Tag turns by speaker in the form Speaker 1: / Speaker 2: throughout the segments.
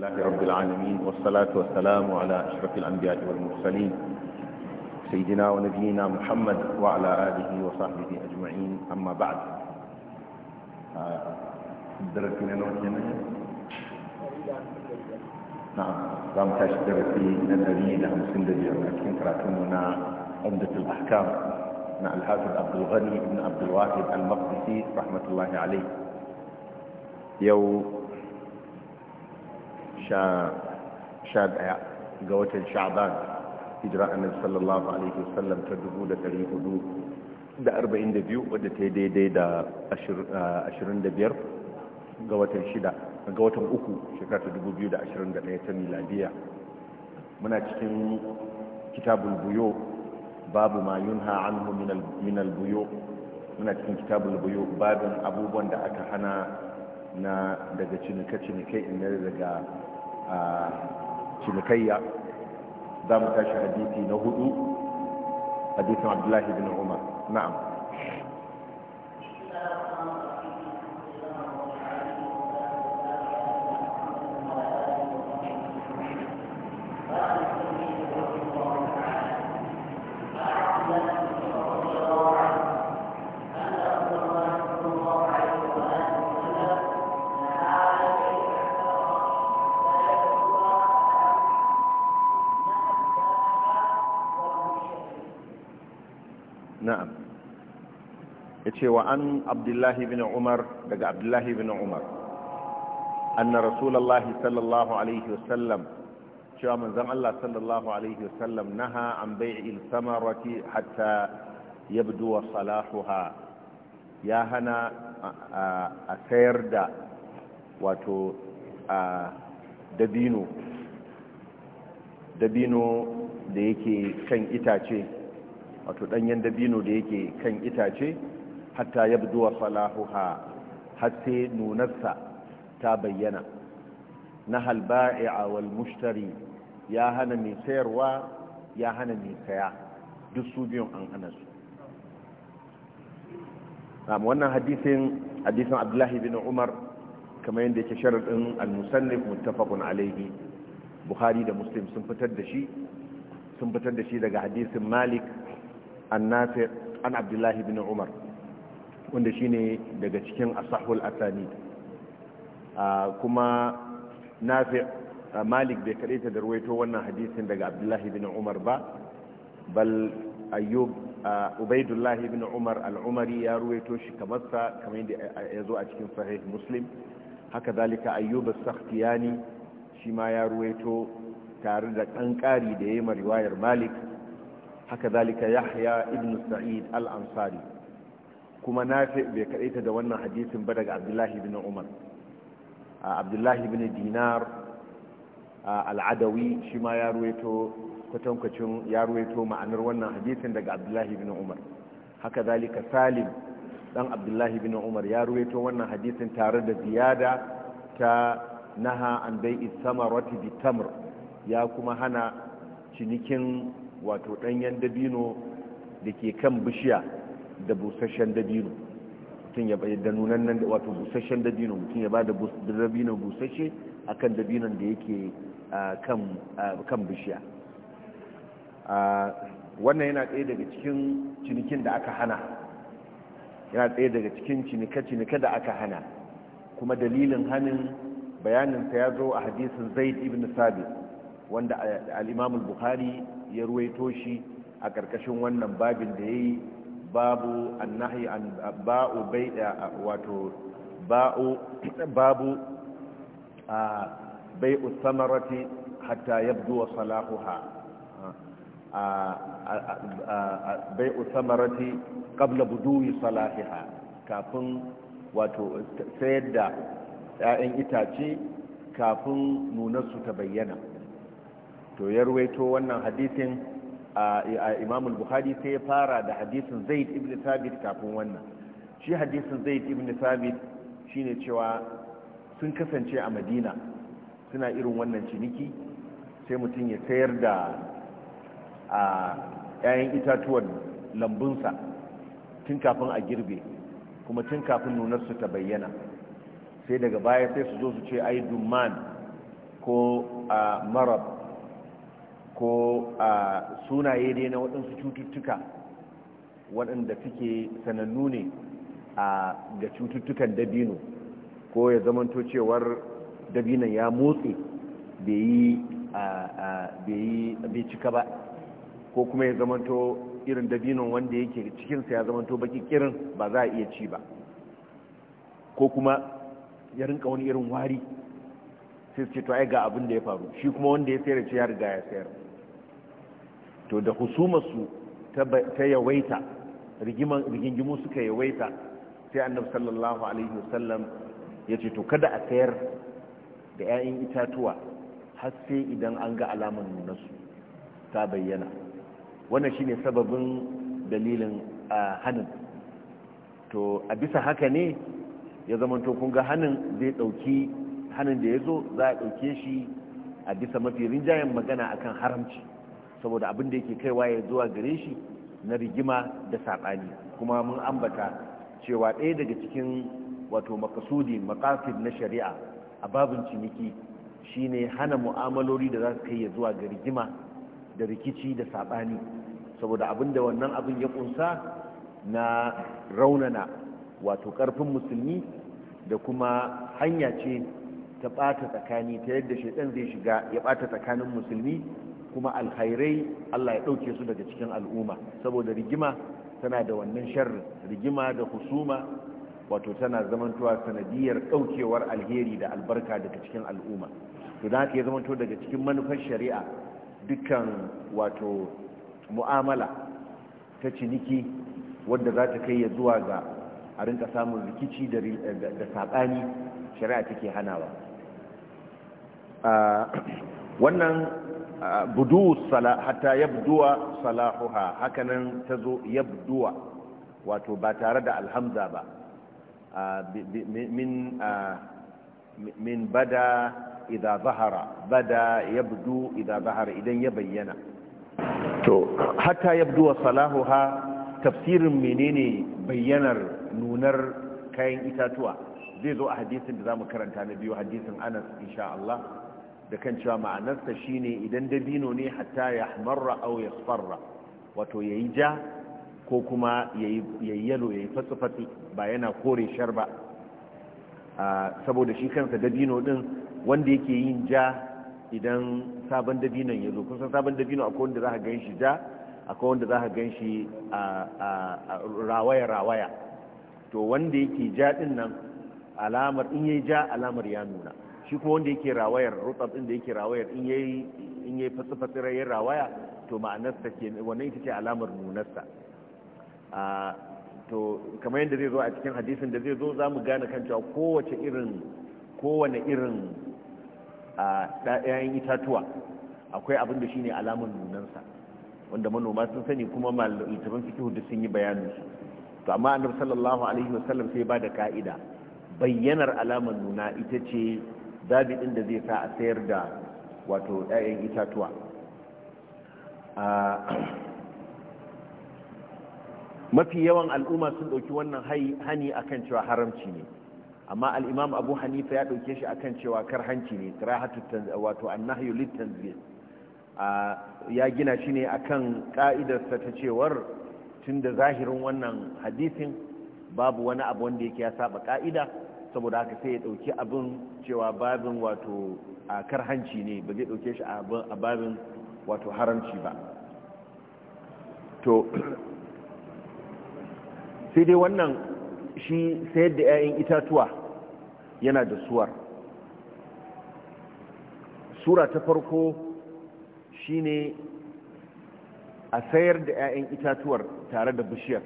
Speaker 1: لله رب العالمين والصلاة والسلام على أشرف الأنبياء والمرسلين سيدنا ونبينا محمد وعلى آله وصحبه أجمعين أما بعد آه، درسنا نوتنا نعم رام تشتر في نذري لهم سندري لكن تراتمنا عمدة الأحكام مع الحافظ عبد الغني بن عبد الواحد المقدسي رحمة الله عليه يوم sha ɗaya ga watan sha'ban hijira annabi sallallahu alaihi wasallam ta dubu da ɗari hudu da arba'in da biyu wadda ta daidai da ashirin da biyar ga watan shida ga watan uku shekara ta dubu biyu da ashirin da ɗaya ta miladiya muna cikin kitabul buyo babu ma yunha anhu min buyo muna cikin kitabul buyo babin abubuwan da aka hana na daga cinike-cinike na daga a cinikayya za mu tashi hadisi na hudu hadisin abdullahi bin umar na'am ya ce wa an abdullahi bin umar daga abdullahi bin umar anna rasulallahi sallallahu alaihi wasallam cewa manzon Allah sallallahu alaihi wasallam naha an bai'il samarati hatta yabdu salahuha ya hana a sayar da wato dabino dabino da yake kan itace wato danyen dabino da yake kan itace hatta yabduwa salahuha har sai nunarsa ta bayyana na halba'i'a wal mushtari ya hana mai sayarwa ya hana mai saya duk su biyun an hana su wannan hadisin hadisin abdullahi bin umar kamar yadda yake sharaɗin al-musannif muttafaqun alaihi bukhari da muslim sun fitar da shi sun fitar da shi daga hadisin malik an nasir an abdullahi bin umar wanda shine daga cikin asahul asani kuma fi malik bai kaɗaita da ruwaito wannan hadisin daga abdullahi bin umar ba bal ayyub ubaidullahi bin umar al'umari ya ruwaito shi kamarsa kamar yadda ya zo a cikin sahih muslim haka zalika ayyub sakhtiyani shi ma ya ruwaito tare da ƙanƙari da ya ma riwayar malik
Speaker 2: haka zalika yahya ibn
Speaker 1: sa'id al-ansari kuma nafi bai ta da wannan hadisin ba daga abdullahi bin umar abdullahi bin dinar al'adawi shi ma ya ruwaito kwatankwacin ya ruwaito ma'anar wannan hadisin daga abdullahi bin umar haka zalika salim dan abdullahi bin umar ya ruwaito wannan hadisin tare da ziyada ta naha an bai rati bi tamr ya kuma hana cinikin wato ɗanyen dabino da ke kan bishiya da busasshen dabino mutum ya bayar da nunan nan wato busasshen dabino mutum ya ba da dabino busasshe kan dabinon da yake kan bishiya wannan yana tsaye daga cikin cinikin da aka hana yana tsaye daga cikin cinika cinika da aka hana kuma dalilin hannun bayaninsa ya zo a hadisun zaid ibn sabi wanda al'imamul buhari ya ruwaito shi a ƙarƙashin wannan babin da ya yi babu annahi an ba'u bai'a wato ba'u babu bai'u samarati hatta yabdu wa salahuha bai'u samarati qabla budui salahiha kafin wato sayar da 'ya'yan itace kafin nunarsu ta bayyana to ya wannan hadisin Imamul imamul bukhari sai ya fara da hadisin zaid ibn sabit kafin wannan shi hadisin zaid ibn sabit shine cewa sun kasance a madina suna irin wannan ciniki sai mutum ya sayar da a 'ya'yan itatuwan lambunsa tun kafin a girbe kuma tun kafin nunarsu ta bayyana sai daga baya sai su zo su ce ai duman ko marab ko a sunaye dai na waɗansu cututtuka waɗanda suke sanannu ne a ga cututtukan dabino ko ya zamanto cewar dabinan ya motsi bai cika ba ko kuma ya zamanto irin dabinon wanda yake cikinsa ya zamanto baki kirin ba za a iya ci ba ko kuma ya rinka wani irin wari sai su ce to ai ga abin da ya faru shi kuma wanda ya sayar ce ya riga ya sayar to da husumarsu ta yawaita rigingimu suka yawaita sai annabi sallallahu alaihi wasallam ya ce to kada a sayar da 'ya'yan itatuwa har sai idan an ga alamar nunarsu ta bayyana wannan shine sababin dalilin hannun to a bisa haka ne ya zamanto kun ga hannun zai ɗauki hannun da ya zo za a ɗauke shi a bisa mafi rinjayen magana akan haramci saboda abin da yake kaiwa ya zuwa gare shi na rigima da saɓani kuma mun ambata cewa ɗaya daga cikin wato makasudi makasid na shari'a a babin ciniki shine hana mu'amalori da za su kai ya zuwa ga rigima da rikici da saɓani saboda abin da wannan abin ya ƙunsa na raunana wato ƙarfin musulmi da kuma hanya ce ta ɓata tsakani ta yadda ɗan zai shiga ya ɓata tsakanin musulmi kuma alkhairai Allah ya ɗauke su daga cikin al'umma saboda rigima tana da wannan sharrin rigima da husuma wato tana zamantowa sanadiyar ɗaukewar alheri da albarka daga cikin al'umma to da haka ya zamanto daga cikin manufar shari'a dukkan wato mu'amala ta ciniki wadda za ta kai ya zuwa ga a rinka samun rikici da saɓani shari'a take hanawa ah, wannan budu sala hatta yabduwa salahuha hakanan tazo yabduwa wato ba tare da alhamza ba min min bada idza zahara bada yabdu idza zahara idan ya bayyana to hatta yabduwa salahuha tafsirin menene bayyanar nunar kayan itatuwa zai zo a hadisin da zamu karanta na biyu hadisin Anas insha Allah da kan cewa ma'anarsa shi ne idan dabino ne hatta ya marra au ya farra wato ya yi ja ko kuma ya yi yalo ya yi fatsi ba yana kore shar ba saboda shi kansa dabino din wanda yake yin ja idan sabon dabinon ya zo kusan sabon dabino akwai wanda za ka gan shi ja akwai wanda za ka gan shi rawaya-rawaya to wanda yake ja din nan alamar in ya ja alamar ya nuna shi ko wanda yake rawayar rutsab din da yake rawayar in yayi in yayi fasifasirar yin rawaya to ta ke wannan ita ce alamar nunarsa a to kamar yadda zai zo a cikin hadisin da zai zo za mu gane kan cewa kowace irin kowane irin a ɗayan itatuwa akwai abin da shine alamar nunarsa wanda manoma sun sani kuma malitabin fikihu hudu sun yi bayanin su to amma annabi sallallahu alaihi wasallam sai ba da ka'ida bayyanar alamar nuna ita ce babi ɗin da zai sa a sayar da wato 'ya'yan itatuwa mafi yawan al'umma sun ɗauki wannan hani akan cewa haramci ne amma al'imam abu hanifa ya ɗauke shi akan cewa kar hanci ne wato annahyu littanzir ya gina shi ne akan ka'idarsa ta cewar tun da zahirin wannan hadisin babu wani abu wanda yake ya saba ka'ida saboda haka sai ya dauki abin cewa babin wato a karhanci ne ba zai dauke shi a babin wato haramci ba to sai dai wannan shi sayar da 'ya'yan itatuwa yana da suwar sura ta farko shine a sayar da 'ya'yan itatuwar tare da bishiyar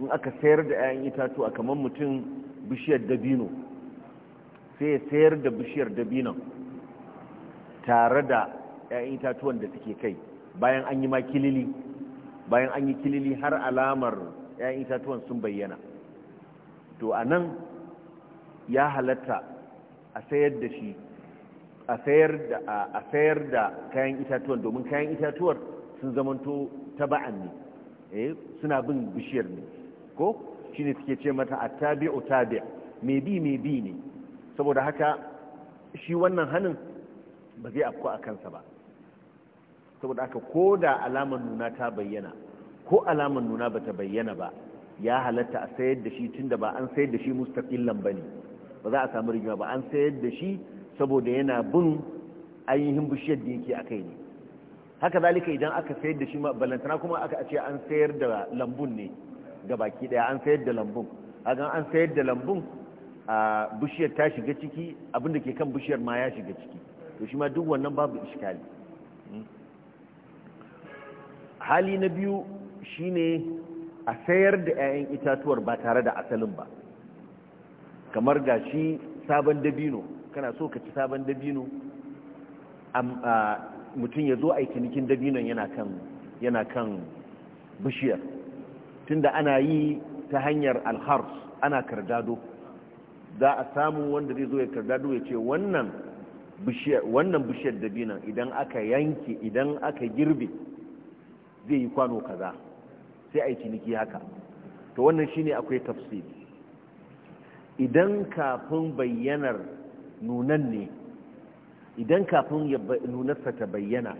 Speaker 1: in aka sayar da 'ya'yan itatuwa kamar mutum bishiyar dabino sai ya sayar da bishiyar dabinon tare da 'ya'yan itatuwan da suke kai bayan an yi ma kilili bayan an yi kilili har alamar 'ya'yan itatuwan sun bayyana to a nan ya halatta a sayar da shi a sayar da kayan itatuwan domin kayan itatuwar sun zamanto taba'an ne eh, suna bin bishiyar ne ko shine suke ce mata attabi'u tabi' mai bi mai bi ne saboda haka shi wannan hannun ba zai afko a kansa ba saboda haka ko da alamar nuna ta bayyana ko alamar nuna ba ta bayyana ba ya halatta a sayar da shi tun da ba an sayar da shi ba ne ba za a samu rigima ba an sayar da shi saboda yana bin ainihin bishiyar da yake a kai ne haka zalika idan aka sayar da shi balantana kuma aka ce an sayar da lambun ne ga baki daya an sayar da lambun hagan an sayar da lambun a bishiyar ta shiga ciki abin da ke kan bishiyar ma ya shiga ciki to shi ma duk wannan babu iskali hmm? hali na biyu shine a sayar da 'ya'yan itatuwar ba tare da asalin ba kamar ga shi sabon dabino kana so ka ci sabon dabino mutum ya zo a kin dabinon yana kan bishiyar tunda ana yi ta hanyar alhars ana kardado za a samu wanda zai zo ya kardado ya ce wannan bishiyar dabinan idan aka yanki idan aka girbe zai yi kwano kaza sai a yi ciniki haka to wannan shine akwai tafsir idan kafin bayyanar nunan ne idan kafin nunarsa ta bayyana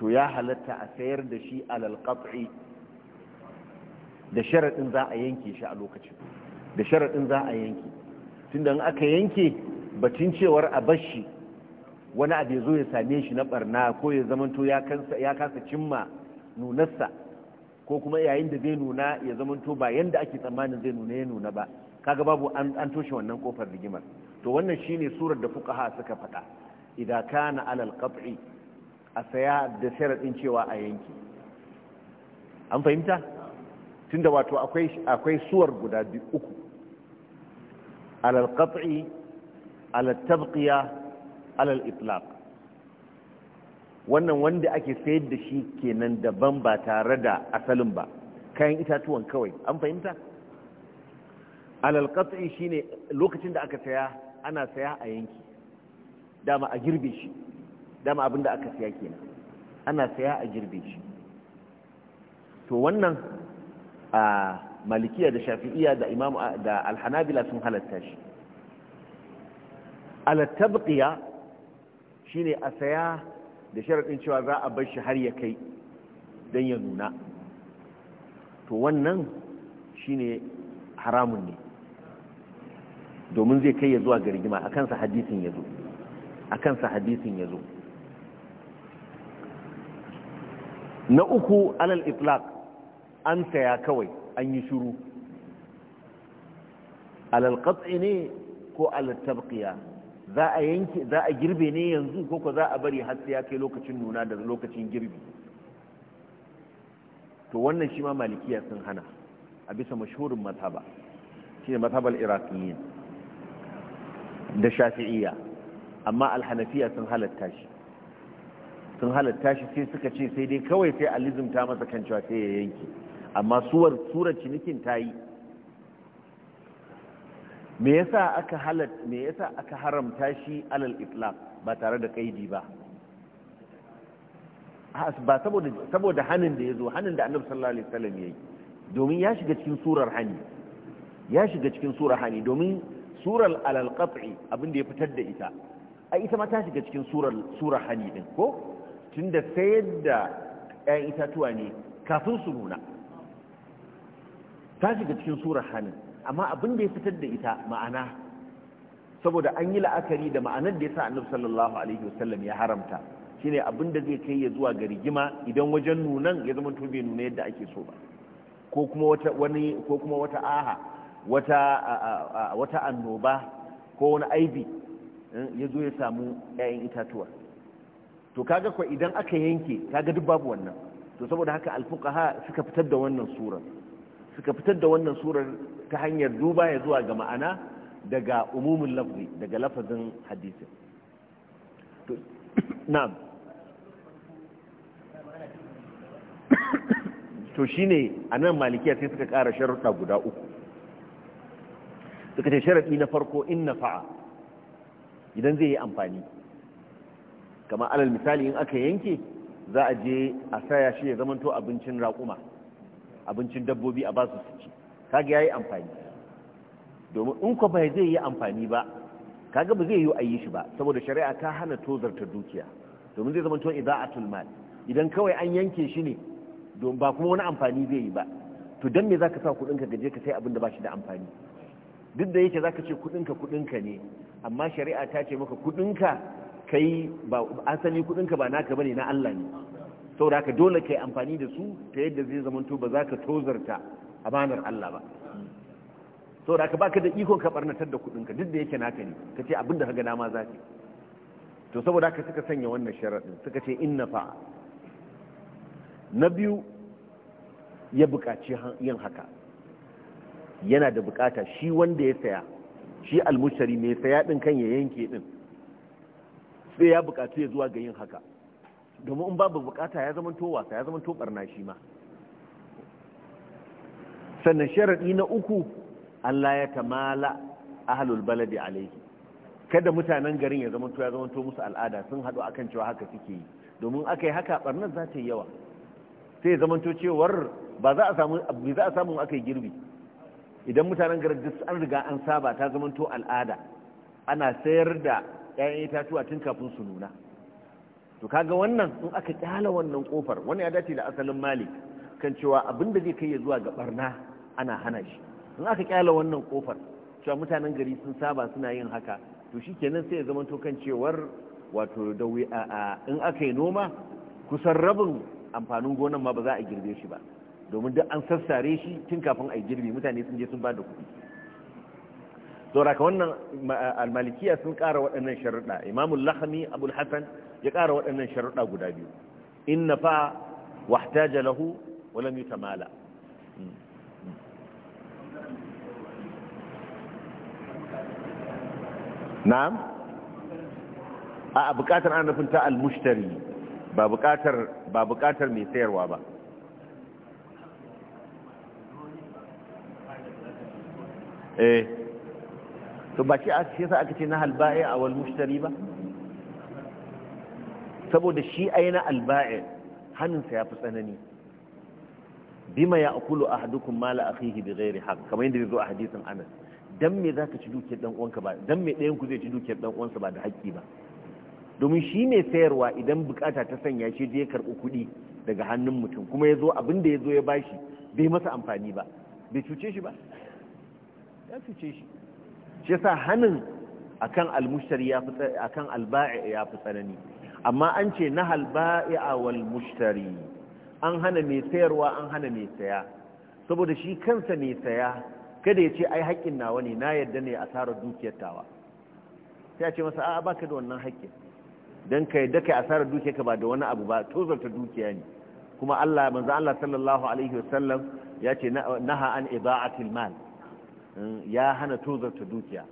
Speaker 1: to ya halatta a sayar da shi alalƙafi da sharaɗin za a yanke shi a lokacin da sharaɗin za a yanke tun in aka yanke batun cewar a bashi wani abu ya zo ya same shi na barna ko ya zamanto ya kasa cimma nunarsa ko kuma yayin da zai nuna ya zamanto ba yanda ake tsammanin zai nuna ya nuna ba kaga babu an toshe wannan kofar rigimar to wannan shine surar da fuqaha suka faɗa idza kana alal qat'i a saya da sharaɗin cewa a yanke. an fahimta tunda wato akwai suwar guda uku alal qat'i alal tabqiya alal wannan wanda ake sayar da shi kenan daban ba tare da asalin ba kayan itatuwan kawai an fahimta alal shi shine lokacin da aka saya ana saya a yanki dama a girbe shi dama abinda aka saya kenan ana saya a girbe shi to wannan a malikiya da shafi'iya da imam da alhanabila sun halatta shi alattabqiya shine a saya da sharadin cewa za a bar shi har ya kai dan ya nuna to wannan shine haramun ne domin zai kai ya zuwa ga rigima a kansa hadisin ya zo a kansa hadisin ya zo na uku alal itlaq an saya kawai an yi shuru alalƙatsi ne ko alattabkiya za a yanki za a girbe ne yanzu ko ko za a bari har sai ya kai lokacin nuna da lokacin girbi to wannan shi ma malikiya sun hana a bisa mashhurin mazhaba ne mazhabal iraqiyyin da shafi'iyya amma alhanafiya sun halatta shi sun halatta shi sai suka ce sai dai kawai sai alizumta masa kan cewa sai ya yanki. amma suwar surar cinikin ta yi me yasa aka halat me yasa aka haramta shi alal Islam ba tare da kaidi ba ba saboda saboda hanin da yazo hanin da Annabi sallallahu alaihi wasallam yayi domin ya shiga cikin surar hani ya shiga cikin surar hani domin surar alal qat'i abin da ya fitar da ita ai ita ma ta shiga cikin surar surar hani din ko tunda sayar da ƴaƴan itatuwa ne kafin su nuna ta shiga cikin surar hannu amma abin da ya fitar da ita ma'ana saboda an yi la'akari da ma'anar da ya sa annabi sallallahu alaihi wasallam ya haramta shine abin da zai kai ya zuwa ga rigima idan wajen nunan ya zama to bai nuna yadda ake so ba ko kuma wata wani ko kuma wata aha wata wata annoba ko wani aibi eh, ya zo ya samu 'ya'yan itatuwa to kaga ko idan aka yanke kaga duk babu wannan to saboda haka alfuqaha suka fitar da wannan surar suka fitar da wannan surar ta hanyar duba ya zuwa ga ma'ana daga umumin lafzi daga lafazin hadisin na'am to shine a malikiya sai suka ƙara sharuɗa guda uku suka ce sharaɗi na farko in na fa'a idan zai yi amfani kama alal misali in aka yanke za a je a saya shi ya zamanto abincin raƙuma abincin dabbobi a basu su ci kaga yayi amfani domin in ko bai zai yi amfani ba kaga ba zai yi ayi shi ba saboda shari'a ta hana tozar ta dukiya domin zai zama to ida'atul mal idan kawai an yanke shi ne don ba kuma wani amfani zai yi ba to dan me zaka sa kudin ka gaje ka sai abin da ba shi da amfani duk da yake zaka ce kudin ka kudin ka ne amma shari'a ta ce maka kudin ka kai ba asali kudin ka ba naka bane na Allah ne saboda ka dole kai amfani da su ta yadda zai zamanto ba za ka tozarta amanar Allah ba saboda ka baka da ikon ka barnatar da kudinka duk da yake naka ne ka ce abinda ka ga dama za ka to saboda ka suka sanya wannan sharaɗin suka ce inna fa na biyu ya buƙaci yin haka yana da buƙata shi wanda ya saya shi almushari mai saya ɗin kan ya yanke ɗin sai ya buƙaci ya zuwa ga yin haka domin in babu bukata ya zama ya zama barna shi ma sannan sharaɗi na uku Allah ya tamala ahlul baladi alaihi kada mutanen garin ya zama to ya zama to musu al'ada sun haɗu akan cewa haka suke yi domin aka yi haka barnar za ta yi yawa sai ya zama to cewar ba za a samu bi za a samu aka yi girbi idan mutanen garin duk an riga an saba ta zama to al'ada ana sayar da 'ya'yan itatuwa tun kafin su nuna to kaga wannan in aka kyala wannan kofar wani ya dace da asalin malik kan cewa abin da zai kai ya zuwa ga barna ana hana shi in aka kyala wannan kofar cewa mutanen gari sun saba suna yin haka to shi kenan sai ya zama to kan cewar wato da in aka yi noma kusan rabin amfanin gonan ma ba za a girbe shi ba domin duk an sassare shi tun kafin a yi girbi mutane sun je sun ba da kuɗi sauraka wannan almalikiya sun ƙara waɗannan sharuɗa imamul lahami abul hassan ya ƙara waɗannan sharuɗa guda biyu in na fa wahtaja lahu walam yutamala na'am a buƙatar ana nufin ta almushtari ba buƙatar mai sayarwa ba eh to ba shi a ce sa aka ce na halba'i a wal mushtari ba saboda shi aina alba'in hannunsa ya fi tsanani bima ya akulu a hadukun mala a fihi bi gairi haq kamar yadda zo a hadisin anas dan me za ka ci dukiyar dan uwanka ba dan me ɗayan ku zai ci dukiyar dan uwansa ba da haƙƙi ba domin shi mai sayarwa idan bukata ta sanya shi je karɓi kuɗi daga hannun mutum kuma ya zo abin da ya zo ya bashi bai masa amfani ba bai cuce shi ba ya cuce shi shi yasa hannun akan almushtari ya fi akan alba'i ya fi tsanani amma an ce na halba'i'a wal mushtari an hana mai sayarwa an hana mai saya saboda shi kansa mai saya kada ya ce ai haƙƙin nawa ne na yadda ne a tsara dukiyar tawa sai a ce masa a baka da wannan haƙƙin don kai da kai asarar dukiyar ka ba da wani abu ba tozarta dukiya ne kuma Allah manzo Allah sallallahu alaihi wasallam ya ce naha an ibaatil mal ya hana tozarta dukiya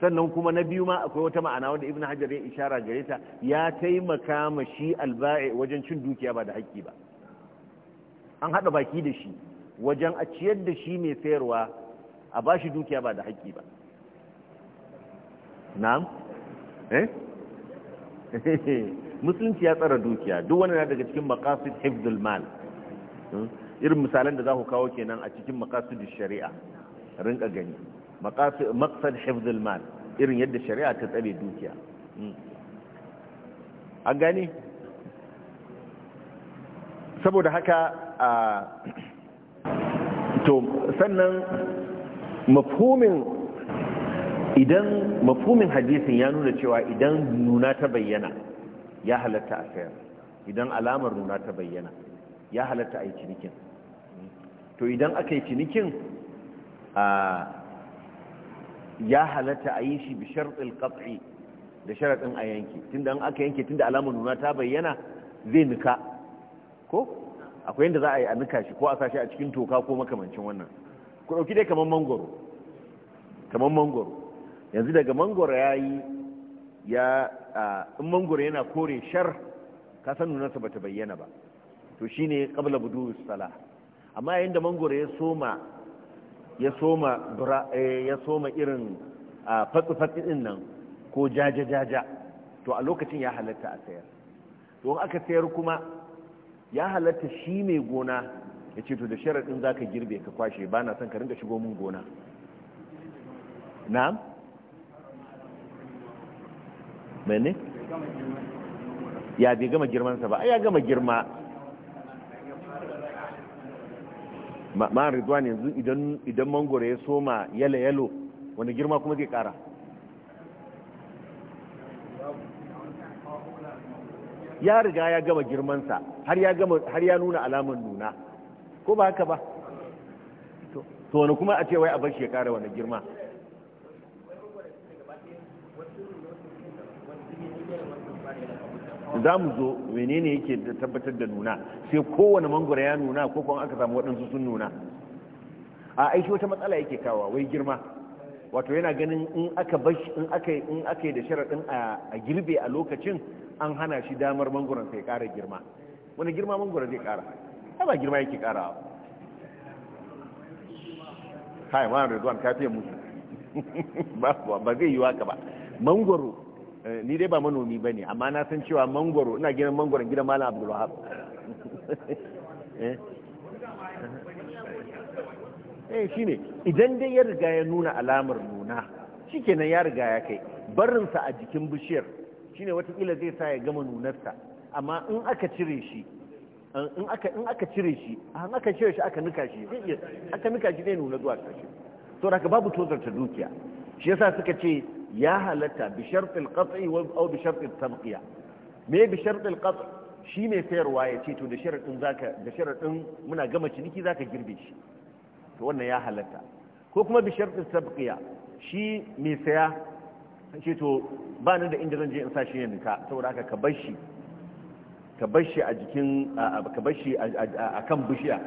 Speaker 1: sannan kuma na biyu ma akwai wata ma'ana wanda ibn hajar ya ishara gare ta ya taimaka ma shi alba'i wajen cin dukiya ba da haƙƙi ba an haɗa baki da shi wajen a ciyar da shi mai sayarwa a ba shi dukiya ba da haƙƙi ba na'am eh musulunci ya tsara dukiya duk wani na daga cikin maqasid hifdul mal hmm? irin misalan da za ku kawo kenan a cikin maqasid shari'a rinka gani maqsad hifdhul mal irin yadda shari'a ta tsare dukiya an gane saboda haka to sannan mafhumin idan mafhumin hadisin ya nuna cewa idan nuna ta bayyana ya halatta a sayar idan alamar nuna ta bayyana ya halatta a yi cinikin to idan aka yi cinikin a ya halatta a yi shi bi sharɗin ƙafi da sharaɗin a yanki tunda an aka yanke tunda alamun nuna ta bayyana zai nika ko akwai yadda za a yi a nika shi ko a sashi a cikin toka ko makamancin wannan ku ɗauki dai kamar mangoro kamar mangoro yanzu daga mangoro ya yi ya in mangoro yana kore shar ka san nunarsa ba ta bayyana ba to shine kabla budu sala amma yayin da mangoro ya soma ya soma eh, ya soma irin fatsi-fatsi din nan ko jaja-jaja to a lokacin ya halatta a sayar to aka sayar kuma ya halatta shi mai gona ya ce to da sharaɗin za ka girbe ka kwashe ba na son ka ringa shigo mun gona na'am? mene? ya bai gama girmansa ba ya gama girma ma'an ridwan yanzu idan mangoro ya soma yalo yalo wani girma kuma zai kara ya riga ya gama girmansa har ya nuna alaman nuna ko ba haka ba to wani kuma a ce wai a bar ya wani girma za mu zo menene yake da tabbatar da nuna sai kowane mangoro ya nuna ko kuma aka samu waɗansu sun nuna a aiki wata matsala yake kawa wai girma wato yana ganin in aka bashi in aka in aka yi da sharaɗin a girbe a lokacin an hana shi damar mangoron sai ƙara girma wani girma mangoro zai ƙara ba girma yake ƙara kai ma Rizwan ka fiye musu ba zai yi waka ba mangwaro Eh, ni dai ba manomi ba ne amma na san cewa mangoro ina gidan mangoron gidan malam abdulwahab eh, eh, eh shi ne idan dai ya riga ya nuna alamar nuna shikenan ya riga ya kai barinsa a jikin bishiyar shi ne watakila zai sa ya gama nunarsa amma in aka cire shi in aka in aka cire shi an aka cire shi aka nuka shi zai aka nuka shi zai nuna zuwa ƙarshe to da babu tozarta dukiya shi yasa suka ce ya halatta bi sharfil qat'i wa bi sharfil tabqiya me bi sharfil qat' shi mai sayarwa ya ce to da sharadin zaka muna gama ciniki ka girbe shi to wannan ya halatta ko kuma bi sharfil tabqiya shi mai saya ce to ba ni da inda zan je in sa shi yanzu ka saboda haka ka bar shi ka bar shi a jikin ka bar shi a kan bishiya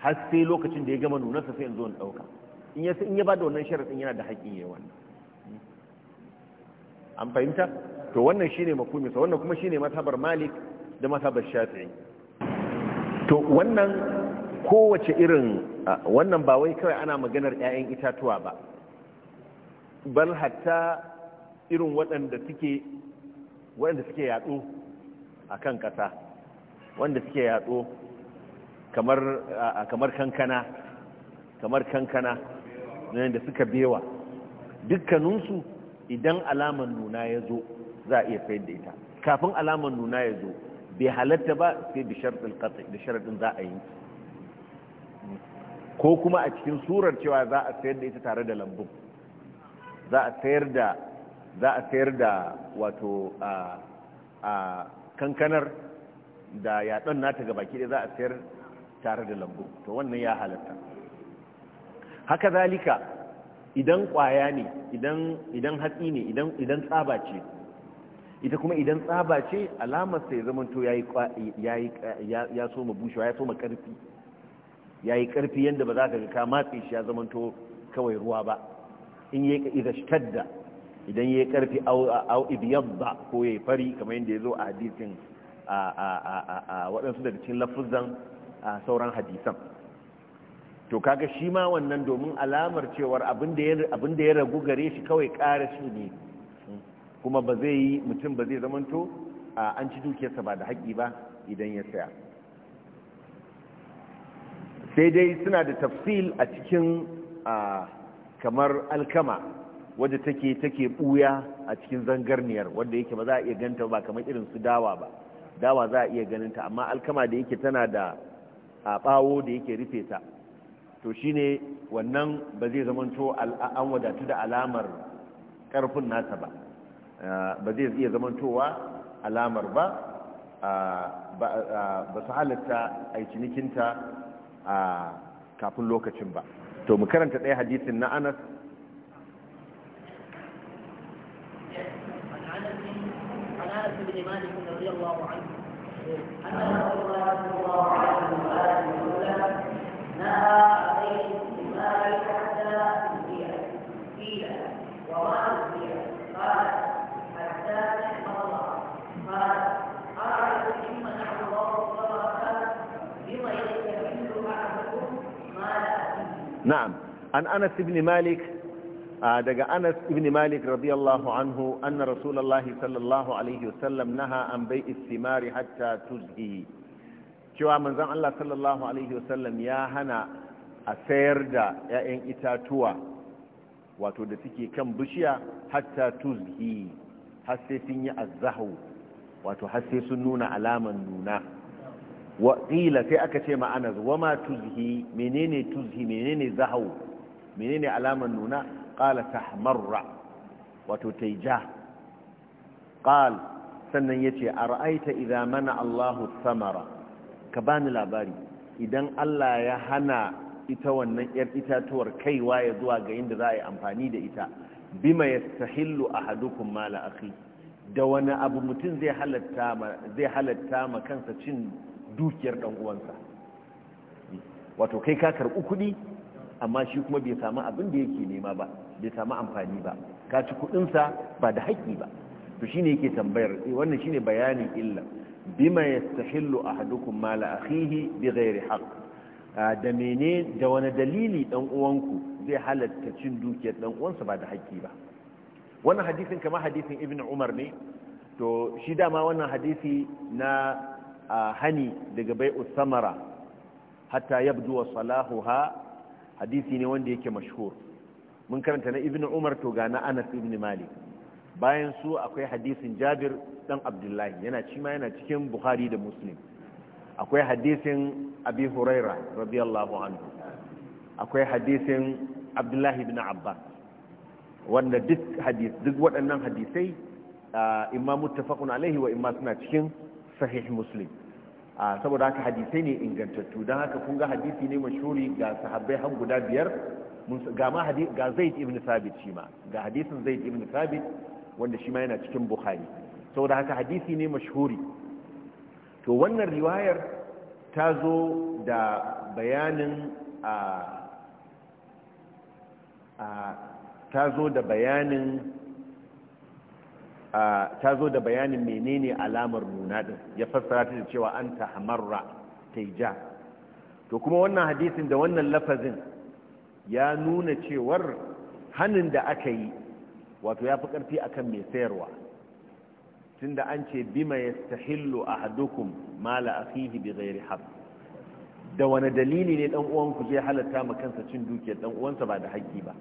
Speaker 1: har sai lokacin da ya gama nunarsa sai in zo in dauka in ya ba da wannan sharadin yana da haƙƙin yayi wannan an fahimta to wannan shine sa wannan kuma shine mazhabar malik da mazhabar shafi'i to wannan kowace irin wannan ba wai kawai ana maganar 'ya'yan itatuwa ba bal hatta irin waɗanda suke waɗanda suke yaɗo a kan ƙasa wanda suke yaɗo kamar kankana kamar kankana da suka bewa dukkaninsu idan alaman nuna ya zo za a iya sayar da ita kafin alaman nuna ya zo bai halatta ba sai da sharaɗin za a yi ko kuma a cikin surar cewa za a sayar da ita tare da lambun za a sayar da za a sayar da wato a kankanar da yaɗon nata ga baki za a sayar tare da lambun to wannan ya halatta haka zalika idan kwaya ne idan hatsi ne idan tsaba ce ita kuma idan tsaba ce alamar sai zama to ya soma bushewa ya soma karfi ya yi karfi yadda ba za ka ka matse shi ya zama to kawai ruwa ba in yi da idan ya yi karfi au ba ko ya fari kamar yadda ya zo a hadisin a waɗansu daga cikin lafuzan sauran hadisan to kaga shi ma wannan domin alamar cewar abin da ya ragu gare shi kawai kara shi ne kuma ba zai yi mutum ba zai zamanto an ci dukiyarsa ba da haƙi ba idan ya saya sai dai suna da tafsil a cikin kamar alkama wadda take take buya a cikin zangarniyar wadda yake ba za a iya ganta ba kamar irin su dawa ba dawa za a iya ganinta amma alkama da yake tana da bawo da yake rufe ta to shi ne wannan ba zai zamanto an wadatu da alamar karfin nasa ba ba zai iya zamantowa alamar ba ba su halitta a yi cinikinta a kafin lokacin ba to mu karanta ɗaya hadisin na anas
Speaker 3: عن مالك رضي الله عنه ان رسول الله صلى الله عليه
Speaker 1: نعم عن انس بن مالك آه، دجا انس بن مالك رضي الله عنه ان رسول الله صلى الله عليه وسلم نهى عن بيع الثمار حتى تزهي جوا من زمان الله صلى الله عليه وسلم يا هنا اسير دا يا ان اتاتوا wato da suke kan bishiya hatta tuzhi har sai sun yi azzahu wato har sai sun nuna alaman nuna wa qila sai aka ce ma wa ma tuzhi menene tuzhi menene zahu menene alaman nuna qala tahmarra wato tayja qal sannan yace ara'aita idza mana Allahu thamara ka bani labari idan Allah ya hana ita wannan yar itatuwar kaiwa ya zuwa ga inda za a yi amfani da ita bima yastahillu ahadukum mala akhi da wani abu mutum zai halatta ma kansa cin dukiyar dan uwansa wato kai ka karɓi kuɗi amma shi kuma bai samu abin da yake nema ba bai samu amfani ba ka ci kuɗinsa ba da haƙƙi ba to shine yake tambayar eh, wannan shine bayanin illa bima yastahillu ahadukum mala akhihi gairi haqq Ah, da mene da wani dalili dan uwanku zai halatta cin dukiyar dan uwansa ba da haƙƙi ba wannan hadisin kamar hadisin ibn umar ne to shi dama wannan hadisi na hani daga bai samara hatta yabdu wa salahuha hadisi ne wanda yake mashhur mun karanta na ibn umar to ga na anas ibn malik bayan su akwai hadisin jabir dan abdullahi yana cima yana cikin bukhari da muslim akwai hadisin abi huraira radiyallahu anhu akwai hadisin abdullahi bin abbas wanda duk hadis duk waɗannan hadisai imma muttafaqun alaihi wa imma suna cikin sahih muslim saboda haka hadisai ne ingantattu don haka kun ga hadisi ne mashhuri ga sahabbai har guda biyar ga ma ga zaid ibn thabit shi ma ga hadisin zaid ibn thabit wanda shi ma yana cikin bukhari saboda haka hadisi ne mashhuri to wannan riwayar ta zo da bayanin a ta zo da bayanin ta zo da bayanin menene alamar nuna din ya fassara ta da cewa an ta hamarra ta ja to kuma wannan hadisin da wannan lafazin ya nuna cewar hannun da aka yi wato ya fi ƙarfi akan mai sayarwa tunda an ce bima yastahillu ahadukum mala akhihi bighairi haqq da wani dalili ne dan uwanku zai halatta ma kansa cin dukiyar ɗan uwansa ba da haƙƙi ba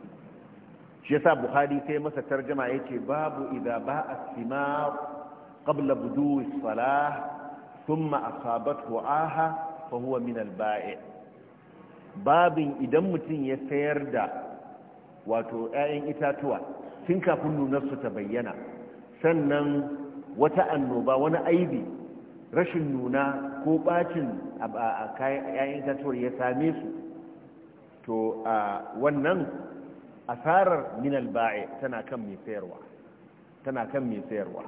Speaker 1: shi yasa buhari sai masa tarjama yace babu idza ba'a simar qabla budu salah thumma asabathu aha fa huwa min al babin idan mutum ya sayar da wato 'ya'yan itatuwa tun kafin nunarsu ta bayyana sannan wata annoba wani aibi rashin nuna ko bacin a kayan itatuwar ya same su to a wannan asarar minal ba'i tana kan mai sayarwa tana kan mai sayarwa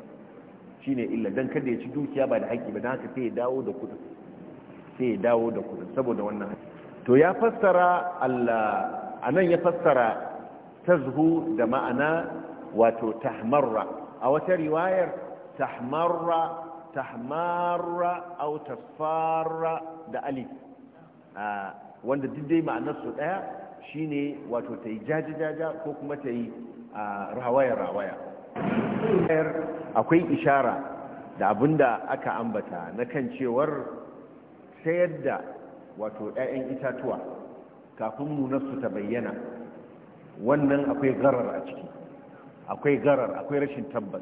Speaker 1: shine illa dan kada ya ci dukiya ba da haƙƙi ba dan haka sai ya dawo da kudin sai ya dawo da kudin saboda wannan to ya fassara Allah anan ya fassara tazhu da ma'ana wato tahmarra a wata riwayar tahmarra tahmarra au da alif ah, wanda duk dai ma'anar su daya shine wato ta yi jaje-jaje ko kuma ta yi rawaya-rawaya ah, akwai ishara da abinda aka ambata na kan cewar sayar da wato 'ya'yan itatuwa kafin munarsu ta bayyana wannan akwai garar a ciki akwai garar akwai rashin tabbas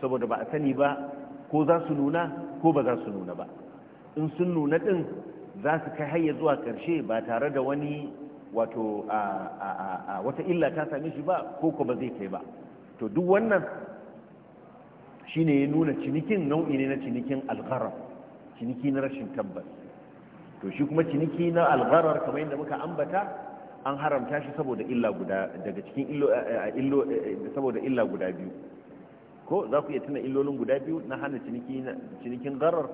Speaker 1: saboda ba a sani ba ko za su nuna ko ba za su nuna ba in sun nuna din za su kai hayya zuwa karshe ba tare da wani wato a wata illa ta same shi ba ko ko ba zai kai ba to duk wannan shine ya nuna cinikin nau'i ne na cinikin algharar ciniki na rashin tabbas to shi kuma ciniki na algharar kamar yadda muka ambata an haramta shi saboda illa guda daga cikin illo eh, saboda illa guda biyu ko za ku iya tuna illolin guda biyu na hana cinikin garar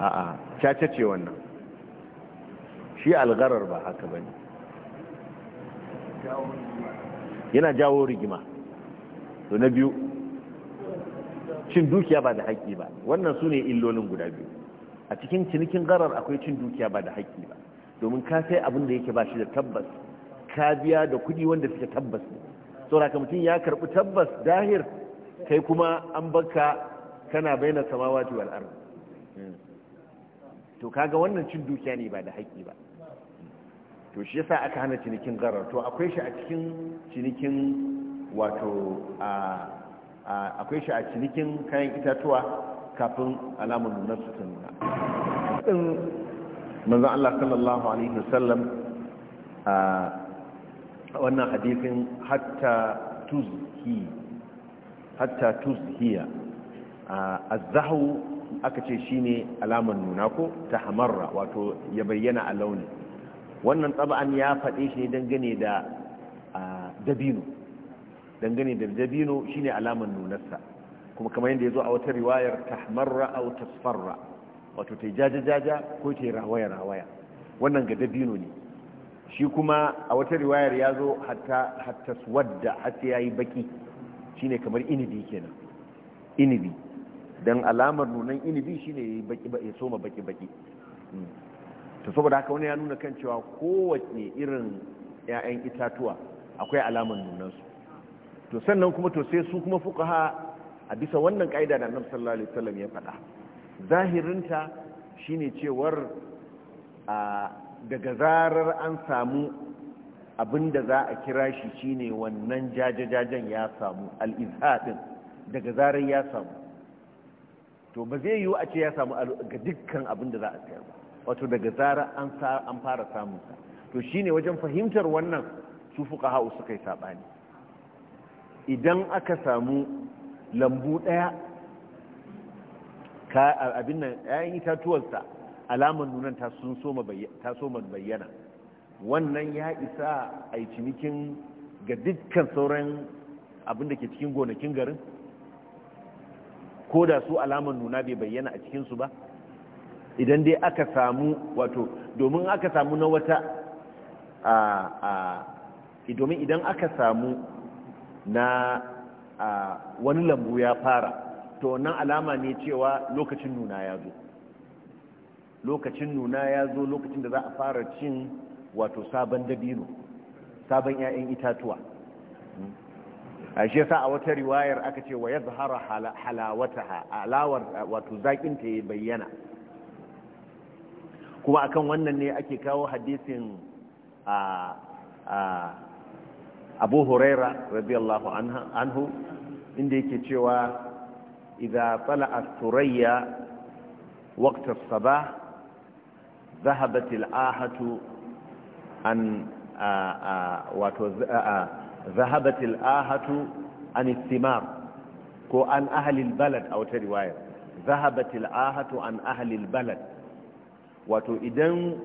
Speaker 1: a'a caca ce wannan shi algarar ba haka ne yana jawo rigima to na biyu cin dukiya ba da haƙƙi ba wannan su ne illolin guda biyu a cikin cinikin garar akwai cin dukiya ba da haƙƙi ba domin ka sai abin da yake ba shi da tabbas ka biya da kuɗi wanda suke tabbas ne saboda ka mutum ya karɓi tabbas dahir kai kuma an baka kana baina samawati wal ard to kaga wannan cin dukiya ne ba da haƙƙi ba to shi yasa aka hana cinikin garar to akwai shi a cikin cinikin wato akwai shi a cinikin kayan itatuwa kafin alamun nunar su ta nuna manzon Allah sallallahu alaihi wasallam wannan hadifin hatta tuzhi hatta tuzhiya aka ce shine alaman nuna ko ta hamarra wato ya bayyana a launi wannan tsaba'an ya faɗe shi ne dangane da dabino dangane da dabino shine alaman nunarsa kuma kamar yadda yazo a wata riwayar ta hamarra au tasfarra wato ta jaja ko ta rawaya rawaya wannan ga dabino ne shi kuma a wata riwayar ya zo hatta wadda hatta ya yi baki shi ne kamar inibi kenan inibi don alamar nunan inibi shi ne ya soma baki-baki hmm. ta saboda haka wani ya nuna kan cewa kowace irin 'ya'yan itatuwa akwai alamar nunansu to sannan kuma to sai su kuma fuka ha a bisa wannan ka'ida da annabi sallallahu alaihi wasallam ya faɗa zahirinta shine cewar a daga zarar an samu abin da za a kira shi shine wannan jajajajen ya samu al'izhaɗin daga zarar ya samu to ba zai yiwu a ce ya samu ga dukkan abin da za a sayar ba wato daga zarar an fara samunsa to shine wajen fahimtar wannan su fuka ha'u suka yi saɓani idan aka samu lambu ɗaya abin nan ‘ya'yan itatuwarsa alamar nunan ta soma bayyana wannan ya isa a yi cinikin ga dukkan sauran abin da ke cikin gonakin garin ko da su alamar nuna bai bayyana a cikinsu ba idan dai aka samu wato domin aka samu na wata domin idan aka samu na wani lambu ya fara to wannan alama ne cewa lokacin nuna ya zo lokacin nuna ya zo lokacin da za a fara cin wato sabon dabino sabon 'ya'yan itatuwa a shi yasa a wata riwayar aka ce wa yadhhara halawataha alawar wato zakin ta bayyana kuma akan wannan ne ake kawo hadisin a Abu Huraira radiyallahu anhu inda yake cewa idza tala'a a waqt sabah zahabat al'ahatu an ko an ahalil balad a wata riwaya zahabatil Ahatu an ahalil balad wato idan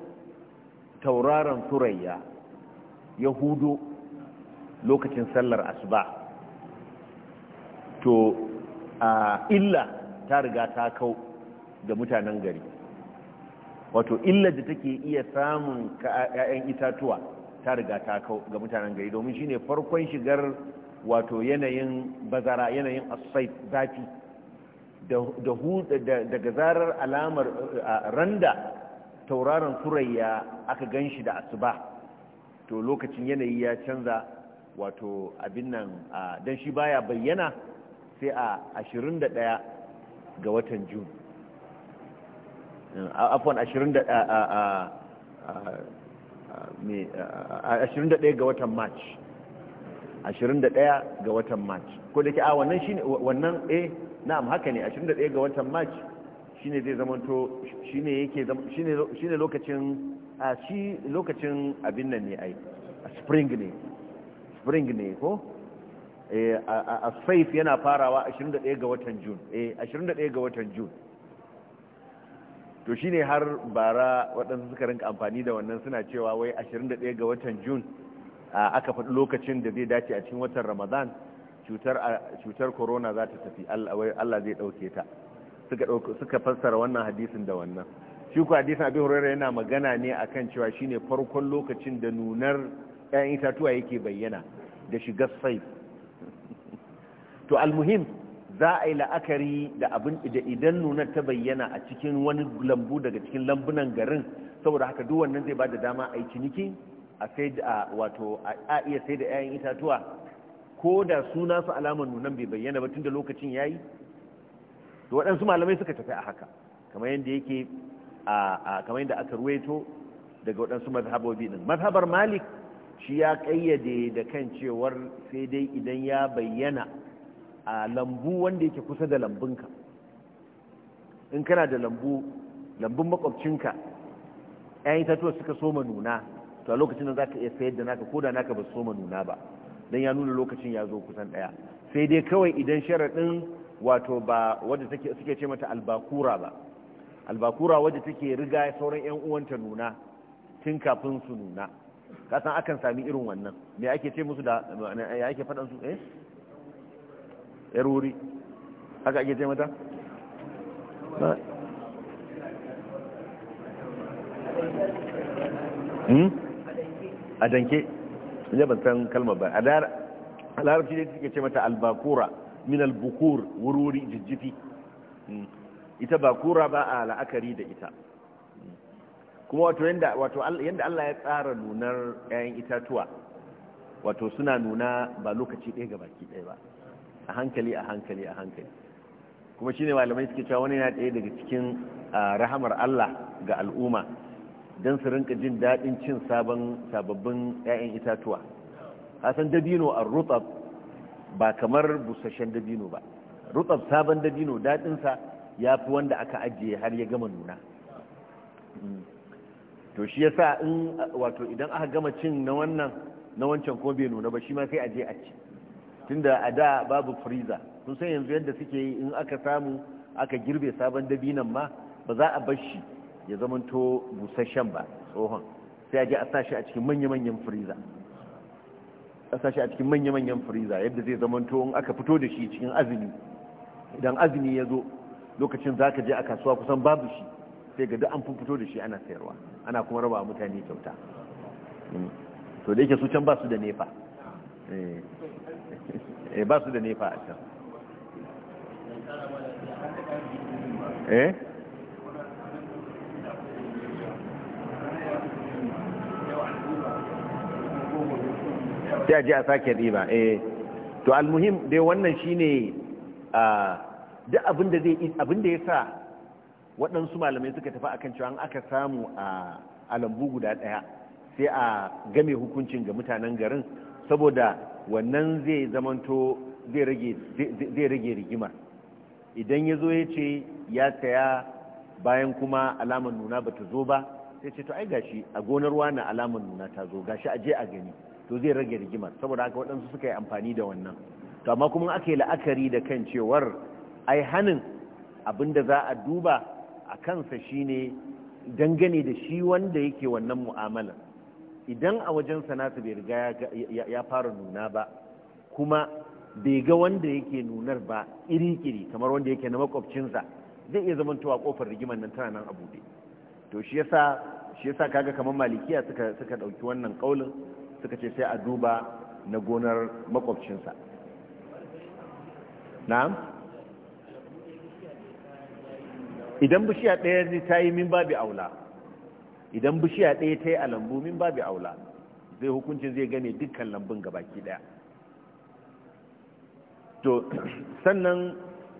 Speaker 1: tauraron surayya ya hudu lokacin sallar asuba to illa ta riga ta kau da mutanen gari wato illar da take iya samun ƴaƴan itatuwa ta riga ta kau ga mutanen gari domin shine farkon shigar wato yanayin bazara yanayin asai zafi da daga zarar alamar randa tauraron surayya aka ganshi da asuba to lokacin yanayi ya canza wato abin nan dan shi baya bayyana sai a 21 ga watan june afon 21 ga watan march 21 ga watan march ko da ke a wannan shine wannan eh na'am haka ne 21 ga watan march shine zai zamanto shine yake shine shine lokacin a shi lokacin abin nan ne ai spring ne spring ne ko eh a saif yana farawa 21 ga watan june eh 21 ga watan june to shine har bara waɗansu suka rinka amfani da wannan suna cewa wai 21 ga watan jun aka faɗi lokacin da zai dace a cikin watan ramadan cutar corona za ta tafi allah zai ɗauke ta suka fassara wannan hadisin da wannan shi ku hadisin abin horarra yana magana ne a kan cewa shine farkon lokacin da nunar 'ya'yan itatuwa yake bayyana da shiga sai to almuhim za a yi la'akari da abin idan nunar ta bayyana a cikin wani lambu daga cikin lambunan garin saboda haka duk wannan zai ba da dama a yi ciniki a sai da wato a iya sai da 'ya'yan itatuwa ko da suna su alamar nunan bai bayyana ba tun da lokacin ya yi to waɗansu malamai suka tafi a haka kamar yadda yake a kamar yadda aka ruwaito daga waɗansu mazhabobi ɗin mazhabar malik shi ya ƙayyade da kan cewar sai dai idan ya bayyana a lambu wanda yake kusa da lambunka in kana da lambu lambun makwabcinka ‘yan itatuwa suka soma nuna to a lokacin da za ka iya sayar da naka ko da naka ba su soma nuna ba don ya nuna lokacin ya zo kusan ɗaya sai dai kawai idan sharaɗin wato ba wadda suke ce mata albakura ba albakura wadda take riga sauran 'yan uwanta nuna tun kafin su nuna kasan akan sami irin wannan me ake ce musu da ya ake su eh yar wuri haka ake ce mata hmm? a danke ne ban san kalmar ba a larabci ne suke ce mata albakura min albukur wurwuri jijjifi hmm. ita bakura ba a la'akari da ita kuma wato yadda Allah ya tsara nunar 'ya'yan itatuwa wato suna nuna ba lokaci ɗaya ga baki ɗaya ba a hankali a hankali a hankali kuma shine malamai suke cewa wani yana ɗaya daga cikin rahamar Allah ga al'umma don su rinka jin daɗin cin sabon sababbin 'ya'yan itatuwa hasan dabino a rutsab ba kamar busasshen dabino ba rutsab sabon dabino daɗinsa ya fi wanda aka ajiye har ya gama nuna to shi yasa in wato idan aka gama cin na wannan na wancan ko bai nuna ba shi ma sai a je a ci tunda a da babu freezer kun san yanzu yadda suke yi in aka samu aka girbe sabon dabinan ma ba za a bar shi ya zamanto busasshen ba tsohon sai a je a sashi a cikin manya-manyan freezer a sashi a cikin manya-manyan freezer yadda zai zamanto in aka fito da shi cikin azumi idan azumi ya zo lokacin za ka je a kasuwa kusan babu shi sai ga duk an fito da shi ana sayarwa ana kuma raba mutane kyauta hmm. to da yake su can ba su da nefa eh. eh ba su da nefa a can
Speaker 3: eh sai
Speaker 1: a ji a sake riba eh to almuhim dai wannan shine a duk abinda zai abinda ya sa waɗansu malamai suka tafi akan cewa an aka samu a alambu guda ɗaya sai a game hukuncin ga mutanen garin saboda wannan zai zamanto zai rage rigimar idan ya zo ya ce ya saya bayan kuma alamar nuna ba ta zo ba sai ce to ai gashi a gonar na alamar nuna ta zo gashi a je a gani to zai rage rigimar saboda haka waɗansu suka yi amfani da wannan to amma kuma aka yi la'akari da kan cewar ai hanin da za a duba a kansa shine dangane da shi wanda yake wannan mu'amalar idan a wajen sanasa bai riga ya fara nuna ba kuma bai ga wanda yake nunar ba iri-iri kamar wanda yake na makwabcinsa zai iya zamantowa kofar rigimar nan tana nan abu buɗe to shi yasa shi yasa kaga kamar malikiya suka suka dauki wannan kaulin suka ce sai a duba na gonar makwabcinsa na'am idan bishiya ɗaya ne ta yi min babu aula idan bishiya ɗaya ta yi a lambu min babu aula zai hukuncin zai gane dukkan lambun gabaki ɗaya to sannan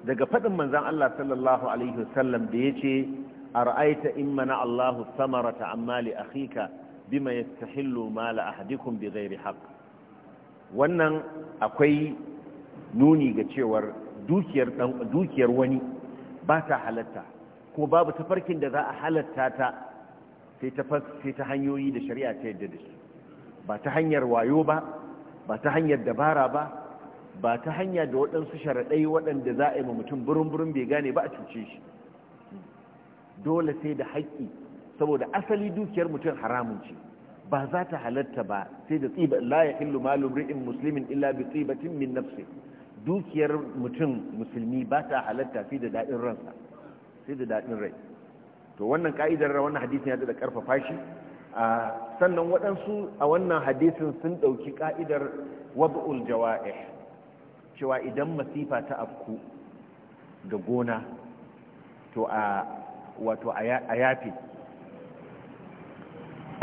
Speaker 1: daga faɗin manzan Allah sallallahu alaihi wasallam da ya ce a ra'aita in mana Allahu samarata amma li akhika bima yastahillu mala hadikun bi zai haqq wannan akwai nuni ga cewar dukiyar wani ba ta halatta ko babu tafarkin da za a halatta ta sai ta hanyoyi da shari'a ta yadda da shi ba ta hanyar wayo ba ba ta hanyar dabara ba ba ta hanya da waɗansu sharaɗai waɗanda za a yi ma mutum burin-burin bai gane ba a cuce shi dole sai da haƙƙi saboda asali dukiyar mutum haramun ce ba za ta halatta ba sai da tsiba la ya hillu malu ri'in musulmin illa bi tsibatin min nafsi dukiyar mutum musulmi ba ta halatta sai da daɗin ransa sai da daɗin rai to wannan ka'idar wannan hadisin ya da karfafa shi sannan waɗansu a wannan hadisin sun ɗauki ka'idar wab'ul jawa'ih cewa idan masifa ta afku ga gona to a wato a yafe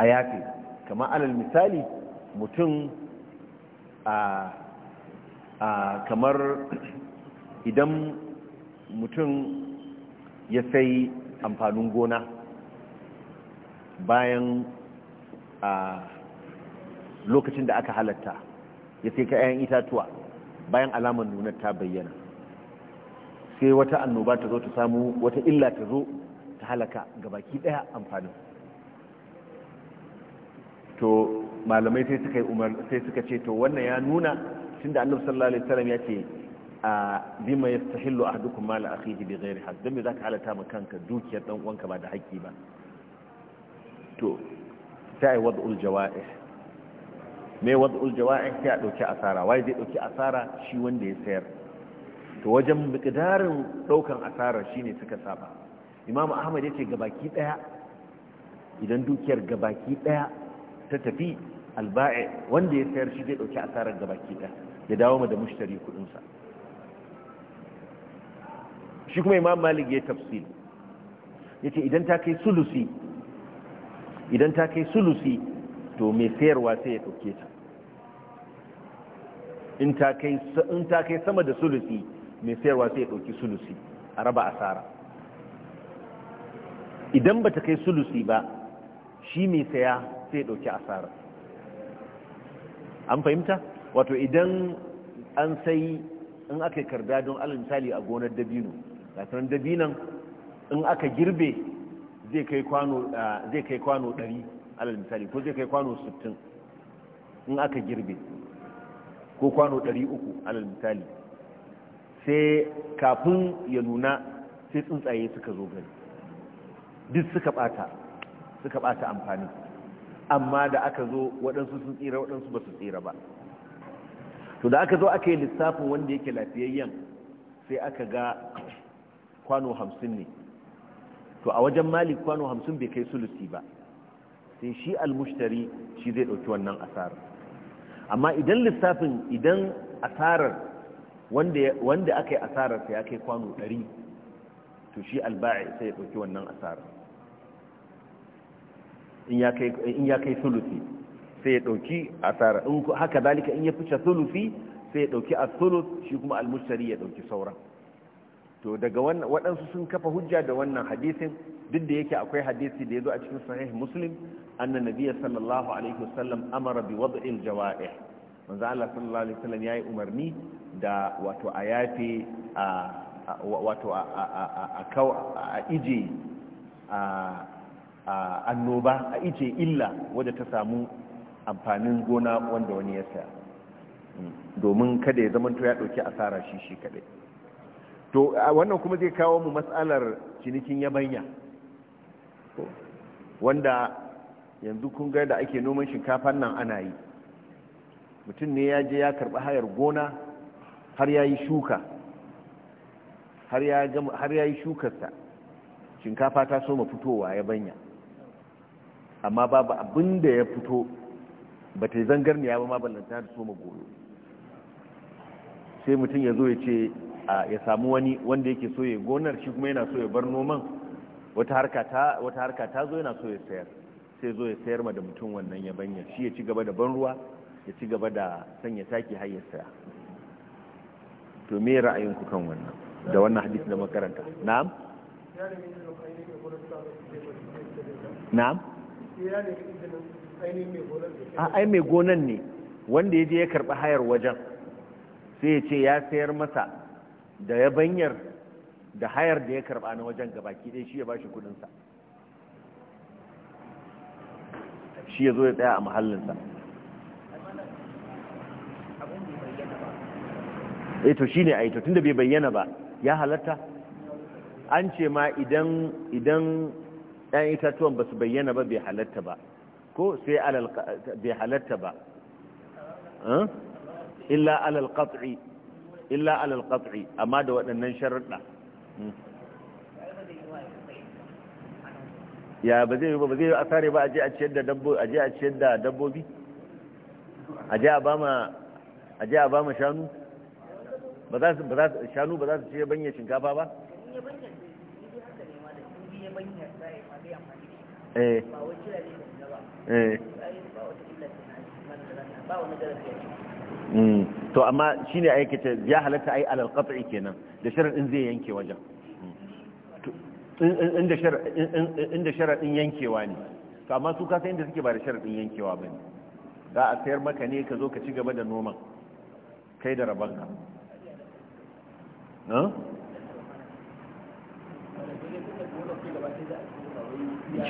Speaker 1: a yafe kama alal misali mutum a kamar idan mutum ya sai amfanin gona bayan a lokacin da aka halatta ya sai ka 'ya'yan itatuwa bayan alamar nuna ta bayyana sai wata annoba ta zo ta samu wata illa ta zo ta halaka ga baki daya amfanin to malamai sai suka ce to wannan ya nuna tunda annabi sallallahu alaihi wasallam ya ce a bima yastahillu ahadukum mal akhihi bi ghairi haqq dan me zaka halata ma kanka dukiyar dan uwanka ba da haƙƙi ba to sai wad'ul jawa'ih me wad'ul jawa'ih sai a dauki asara wai zai dauki asara shi wanda ya sayar to wajen miqdarin daukan asara shine suka saba imamu ahmad yace gabaki daya idan dukiyar gabaki daya ta tafi alba'i wanda ya sayar shi zai dauki asarar gabaki daya ya dawo ma da mushtari kudin sa shi kuma imam malik ya tafsir ce idan ta kai sulusi idan ta kai sulusi to mai sayarwa sai ya ɗauke ta in ta kai sama da sulusi mai sayarwa sai ya ɗauki sulusi a raba asara idan ba ta kai sulusi ba shi mai saya sai ya ɗauki asara an fahimta wato idan an sai in aka karda don alal a gonar dabino gasar dabinan in aka girbe zai kai kwano 100 alal misali ko zai kai kwano 60 in aka girbe ko kwano 300 alal misali sai kafin ya nuna sai tsuntsaye suka zo gani duk suka bata suka bata amfani amma da aka zo waɗansu sun tsira waɗansu ba su tsira ba to da aka zo aka yi lissafin wanda yake lafiyayyen sai aka ga kwano hamsin ne to a wajen malik kwano hamsin bai kai sulusi ba sai shi almushtari shi zai ɗauki wannan asarar amma idan lissafin idan asarar wanda aka yi asarar sai ya kai kwano 100 to shi alba'i sai ya ɗauki wannan asarar in ya kai sulusi sai ya ɗauki asarar haka zalika in ya fice sulusi sai ya ɗauki asulus shi kuma almushtari ya ɗauki sauran to daga waɗansu sun kafa hujja da wannan hadisin duk da yake akwai hadisi da ya zo a cikin sahih muslim anna nabiyya sallallahu alaihi wasallam amara bi wad'il jawa'ih manzo Allah sallallahu alaihi wasallam yayi umarni da wato a yafe a wato a kau a ije a annoba a ije illa wanda ta samu amfanin gona wanda wani ya saya hmm. domin kada ya zama to ya dauki asara shi shi kadai to wannan kuma zai kawo mu matsalar cinikin yabanya wanda yanzu kun ga da ake noman shinkafa nan ana yi mutum ne ya je ya karɓi hayar gona har ya yi shuka har ya yi shukarsa shinkafa ta soma fitowa yabanya amma babu abin da ya fito ba ta yi ya ba ma ballanta da soma goyo sai mutum ya zo ya ce ya samu wani wanda yake so ya gonar shi kuma yana so ya bar noman wata harka ta zo yana so ya sayar sai zo ya sayar ma da mutum wannan ya banya shi ya ci gaba da ban ruwa ya ci gaba da sanya taki har ya saya to me ra'ayinku kan wannan da wannan hadisi da makaranta na'am na'am a ai mai gonan ne wanda ya je ya karba hayar wajen sai ya ce ya sayar masa da yabanyar da hayar da ya karba na wajen gabaki ɗaya shi ya bashi kudinsa shi ya zo ya tsaya a mahallinsa eh to shine ai to tunda bai bayyana ba ya halatta an ce ma idan idan ɗan itatuwan ba su bayyana ba bai halatta ba ko sai alal bai halatta ba illa alal qat'i illa alal qat'i amma da waɗannan sharuɗa hmm. ya ba zai yi ba zai yi ba a je a ciyar da a je a ciyar da dabbobi a je a bama aje a bama shanu ba za su ba za su shanu ba za su ce banya shinkafa ba
Speaker 3: eh eh
Speaker 1: to amma shine ai kace ya halatta ai alal qat'i kenan da sharadin zai yanke wajen inda sharadin inda yankewa ne to amma su kasa inda suke ba da sharadin yankewa ne za a sayar maka ne ka zo ka ci gaba da noman kai da ka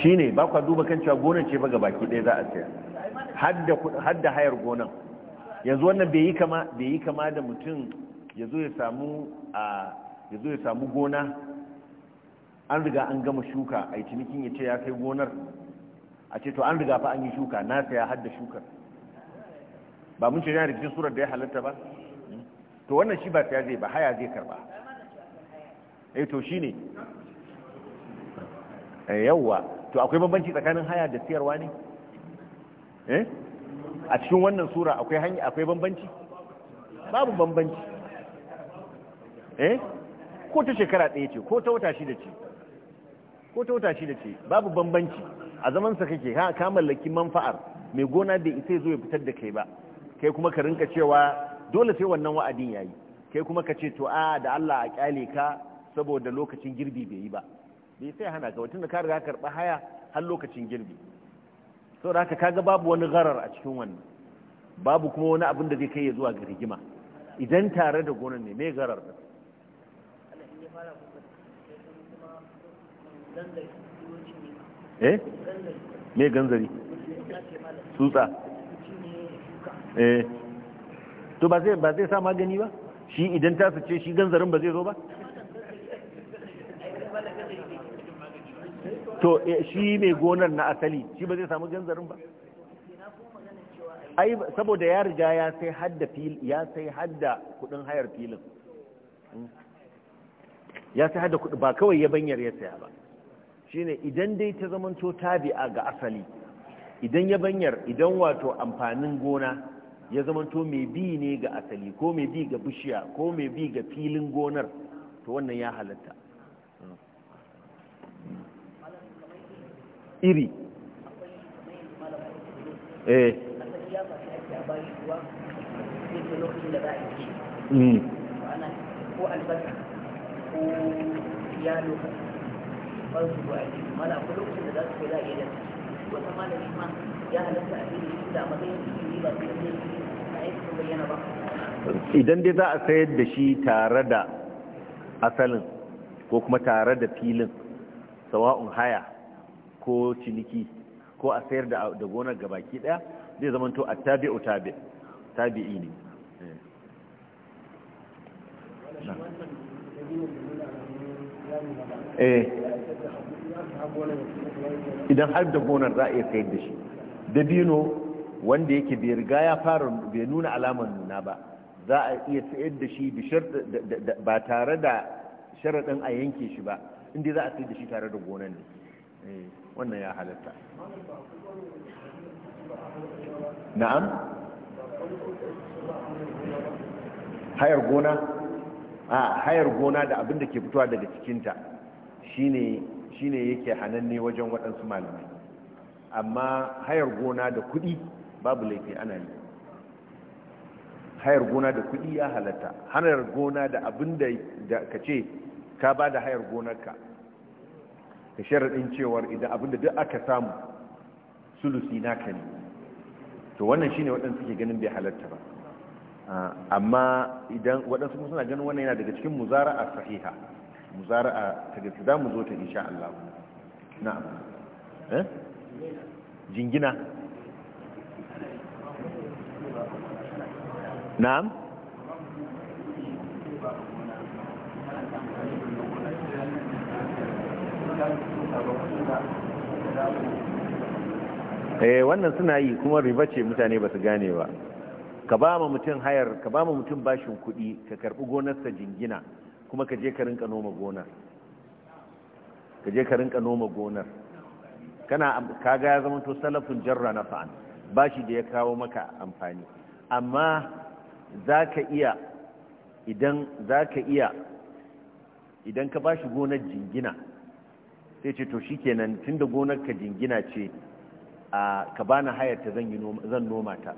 Speaker 1: shi ne ba kwa duba kan cewa gonan ce ba gabaki ɗaya za a
Speaker 3: sayar
Speaker 1: hadda hayar gonan yanzu wannan bai yi kama da mutum ya zo ya samu a ya zo ya samu gona an riga an gama shuka a cinikin ya ce ya kai gonar a ce to an riga fa an yi shuka na saya har da shukar ba mun ce yana da cikin surar da ya halatta ba hmm? to wannan shi ba saya zai ba haya zai karba eh to shi ne eh, yawa to akwai bambanci tsakanin haya da siyarwa ne eh a cikin wannan sura akwai hanya akwai bambanci babu bambanci eh ko ta shekara ɗaya ce ko ta wata shida ce ko ta wata shida ce babu bambanci a zaman sa kake ha ka mallaki manfa'ar mai gona da ita zo ya fitar da kai ba kai kuma ka rinka cewa dole sai wannan wa'adin yayi kai kuma ka ce to a da Allah a kyale ka saboda lokacin girbi bai yi ba bai sai hana ka wata da ka riga karba haya har lokacin girbi sau da haka kaga babu wani gharar a cikin wannan babu kuma wani abin da zai kai ya zuwa ga rigima idan tare da gonan ne mai gharar da eh ganzari
Speaker 3: tsutsa eh
Speaker 1: to ba zai ba zai sa magani ba shi idan ta sace shi ganzarin ba zai zo ba to eh, shi mai gonar na asali shi ba zai samu ganzarin ba ai saboda ya riga ya sai hadda fil ya sai hadda kudin hayar filin hmm? ya sai hadda kudi ba kawai ya banyar ya saya ba shine idan dai ta zamanto tabi'a ga asali idan ya idan wato amfanin gona ya zamanto mai bi ne ga asali ko mai bi ga bishiya ko mai bi ga filin gonar to wannan ya halatta iri eh. hmm. idan dai za a sayar da shi tare da asalin ko kuma tare da filin sawa'un haya ko ciniki ko a sayar da gonar gabaki daya zai zama to a tabi' tabi'i ne
Speaker 3: eh. eh idan
Speaker 1: har da gonar za a iya sayar da shi dabino wanda yake bai riga ya fara bai nuna alamar nuna ba za a iya sayar da shi ba tare da sharaɗin a yanke shi ba inda za a sayar da shi tare da gonar ne wannan ya halatta na'am hayar gona a hayar gona da abin da ke fitowa daga cikinta shine yake hananne wajen waɗansu malamai amma hayar gona da kuɗi babu laifi ana yi hayar gona da kuɗi ya halatta hayar gona da abin da ka ce ka ba da hayar gonarka da sharaɗin cewar idan abinda duk aka samu sulusi ka ne to wannan shine waɗansu ke ganin bai halatta
Speaker 2: ba
Speaker 1: amma idan waɗansu suna ganin wannan yana daga cikin muzara a sahiha muzara ta gaske za mu zo ta insha Allah na abu eh? jingina na'am eh wannan suna yi kuma riba ce mutane ba su gane ba ka ba ma mutum hayar ka ba ma mutum bashin kuɗi ka karɓi gonarsa jingina kuma ka je ka rinka noma gonar ka je ka rinka noma gonar kana ga ya zama to salafin jarra na fa'an bashi da ya kawo maka amfani amma za ka iya idan za ka iya idan ka bashi gonar jingina sai ce to shikenan tunda gonar ka jingina ce a ka bani hayar zan noma ta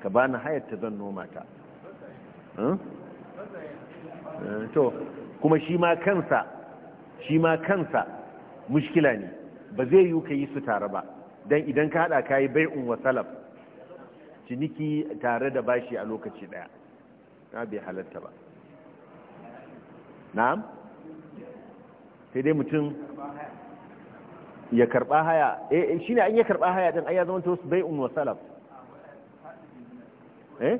Speaker 1: ka bani hayar zan noma ta eh, to kuma shi ma kansa shi ma kansa mushkila ne ba zai yi ka yi su tare ba don idan ka hada ka yi bai'un wa salaf ciniki tare da bashi a lokaci daya na bai halatta ba na'am sai dai mutum ya karba haya eh, eh shine an ya karba haya din ayya ya zama to bai'un wa salaf eh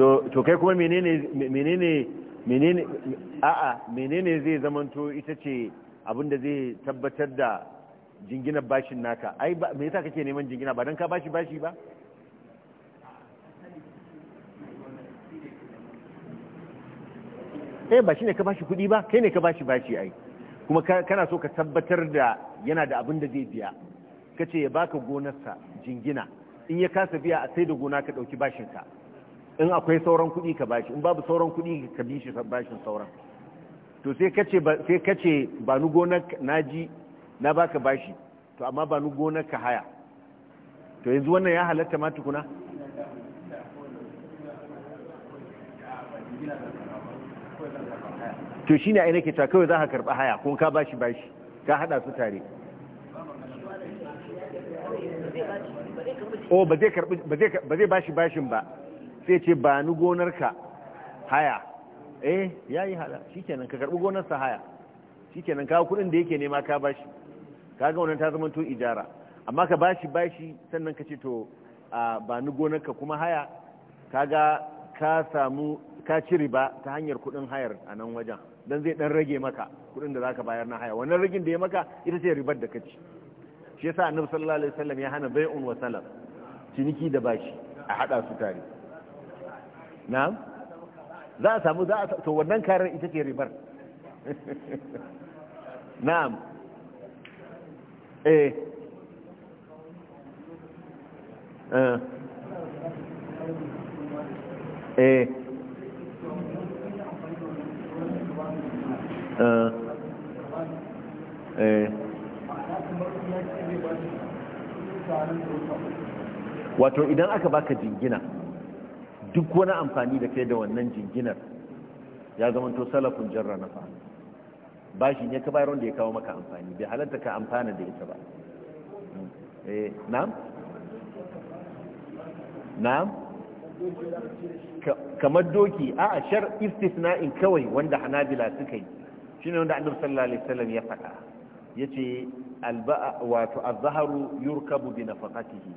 Speaker 1: to to kai kuma menene menene menene a'a menene zai zaman to ita ce abinda zai tabbatar da jinginar bashin naka ai me yasa kake neman jingina ba dan ka bashi bashi ba eh ba shi ne ka bashi kuɗi ba kai ne ka bashi bashi ai kuma kana so ka tabbatar da yana da abin da zai biya ka ce ya baka gonarsa jingina in ya kasa biya a sai da gona ka ɗauki bashinka in akwai sauran kuɗi ka bashi in babu sauran kuɗi ka bi shi bashin sauran to sai ka ce ba ni gonar na ji na baka bashi to amma ba ni gonar ka haya to yanzu wannan ya halatta ma tukuna to shi ne a nake ta kawai za ka karba haya ko ka bashi bashi ka hada su tare o oh, ba zai bashi bashin ba sai ce ba ni gonarka haya eh hada shi kenan ka karbi gonar sa haya kenan ka kudin da yake nema ka bashi ga wannan ta zama to ijara amma ka bashi bashi sannan ka ce to ba ni gonarka kuma haya ka ga ka samu ka ci riba ta hanyar kudin hayar a nan wajen dan zai dan rage maka kudin da zaka bayar na haya wannan ragin da ya maka ita ce ribar da kace shi yasa annabi sallallahu alaihi wasallam ya hana bai'un wa salam ciniki da bashi a hada su tare na'am za a samu za a to wannan karar ita ce ribar na'am eh eh, eh. Eh. Eh. wato idan aka baka jingina duk wani amfani da kai da wannan jinginar ya zama to salafin jarra na fa bashi ne ka bayar wanda ya kawo maka amfani bai halatta ka amfana da ita ba Na eh, na? kamar doki a'a shar istisna'in kawai wanda hanabila suka yi ne wanda annabi sallallahu alaihi wasallam ya faɗa yace alba'a wato az-zaharu yurkabu bi nafaqatihi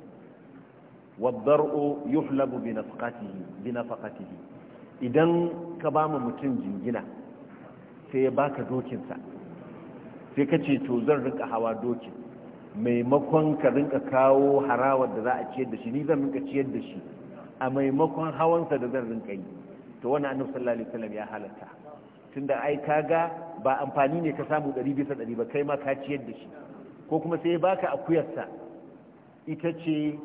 Speaker 1: wad-dar'u yuhlabu bi nafaqatihi bi nafaqatihi idan ka ba mu mutum jingina sai ya baka dokin sa sai ka to zan rinka hawa dokin maimakon ka rinka kawo harawar da za a ciyar da shi ni zan rinka ciyar da shi a maimakon hawansa da zan rinka yi to wannan annabi sallallahu alaihi wasallam ya halatta tunda ai kaga ba amfani ne ka samu ɗari bisa ɗari ba kai ma ka ciyar da shi ko kuma sai baka akuyarsa ita ce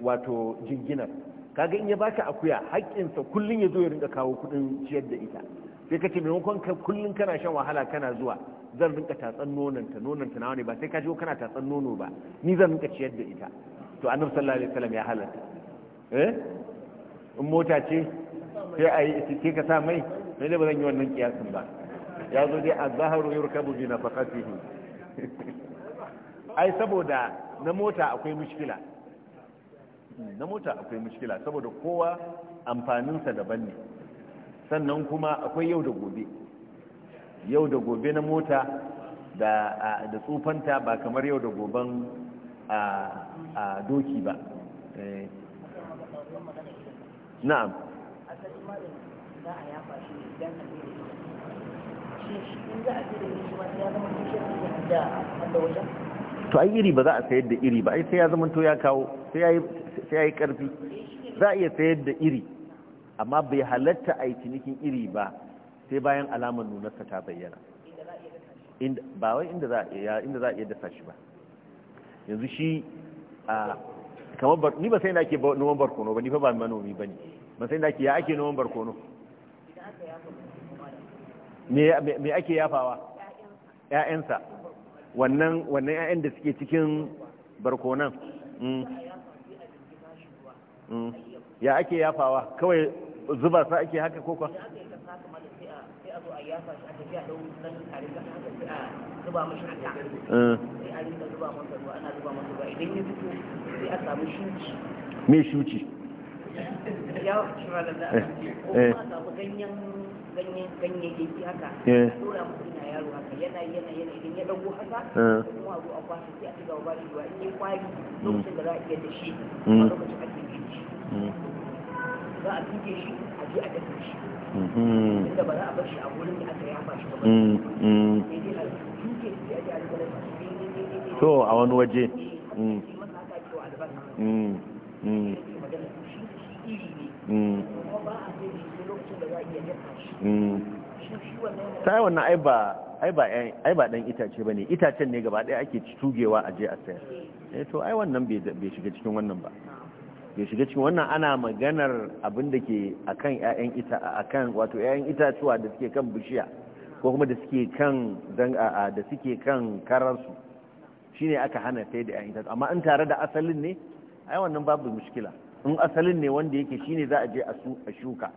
Speaker 1: wato jinginar kaga in ya baka akuya haƙƙinsa kullum ya zo ya rinka kawo kuɗin ciyar da ita sai ka ce maimakon kullum kana shan wahala kana zuwa zan rinka tatsan nonanta nonanta nawa ne ba sai ka je kana tatsan nono ba ni zan rinka ciyar da ita to annabi sallallahu alaihi wasallam ya halarta eh? in mota ce sai a yi ka sa mai sai da ba zan yi wannan kiyasin ba ya zo dai az-zahru yurkabu bi nafaqatihi ai saboda na mota akwai mushkila na mota akwai mushkila saboda kowa amfaninsa daban ne sannan kuma akwai yau da gobe yau da gobe na mota da da tsufanta ba kamar yau da goben a doki ba eh. na'am
Speaker 3: a a yafa shi
Speaker 1: to ai iri ba za a sayar da iri ba ai sai ya zama to ya kawo sai ya yi karfi za a iya sayar da iri amma bai halatta a yi cinikin iri ba sai bayan alamar nunarsa ta bayyana ba wai inda za a iya dasa shi ba yanzu shi a kamar ni ba sai na ke noman barkono ba ni fa ba manomi ba ne ba sai na ke ya ake noman barkono me ake yafawa ‘ya'yansa wannan wannan ‘ya'yan da suke cikin barkonan mm. Mm. ya ake yafawa kawai zuba sa ake haka ko kwa me mm. eh. shuci
Speaker 3: eh. eh. ya shi ganyen ganyayyaki haka dora eh. mutum na yaro haka yana yana yana idan ya dago haka eh. kuma a a sai a cigaba ba ruwa in yi kwari mm. lokacin da za a iya mm. mm. shi a lokacin a shi a a dafa shi ba za a bar shi a wurin da aka yafa shi ba
Speaker 2: a
Speaker 3: a a Mm. Mm. ta yi
Speaker 1: wannan ai ba ɗan itace ba ne itacen ne gaba ɗaya ake tugewa a je a sayar eh to ai wannan bai shiga cikin wannan ba bai shiga cikin wannan ana maganar abin da ke kan ƴaƴan ita wato ƴaƴan itatuwa da suke kan bishiya ko kuma da suke kan dan da suke kan kararsu shi shine aka hana sai da ‘ya’yan itatuwa amma in tare da asalin ne ai wannan babu mushkila in asalin ne wanda yake shine za a je a shuka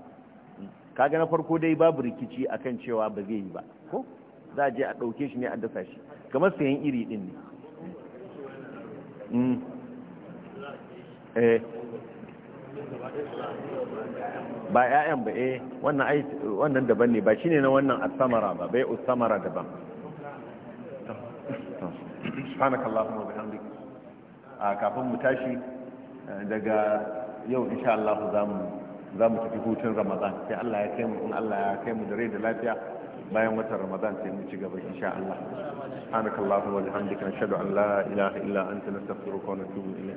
Speaker 1: kaga na farko dai babu rikici akan cewa ba zai yi ba ko za a je a dauke shi ne a dasa shi kamar sayan iri din ne mm. eh. ba 'ya'yan ba eh wannan daban ne ba shi ne na wannan asamara ba bai usamara daban subhanakallahumma wa bihamdik a ah, kafin mu tashi eh, daga yau insha Allah za mu za mu tafi hutun ramadan sai allah ya kai mu in allah ya kai mu da rai da lafiya bayan watan ramadan sai mu ci gaba insha allah subhanakallahumma wa bihamdika nashhadu an la ilaha illa anta nastaghfiruka wa natubu ilayk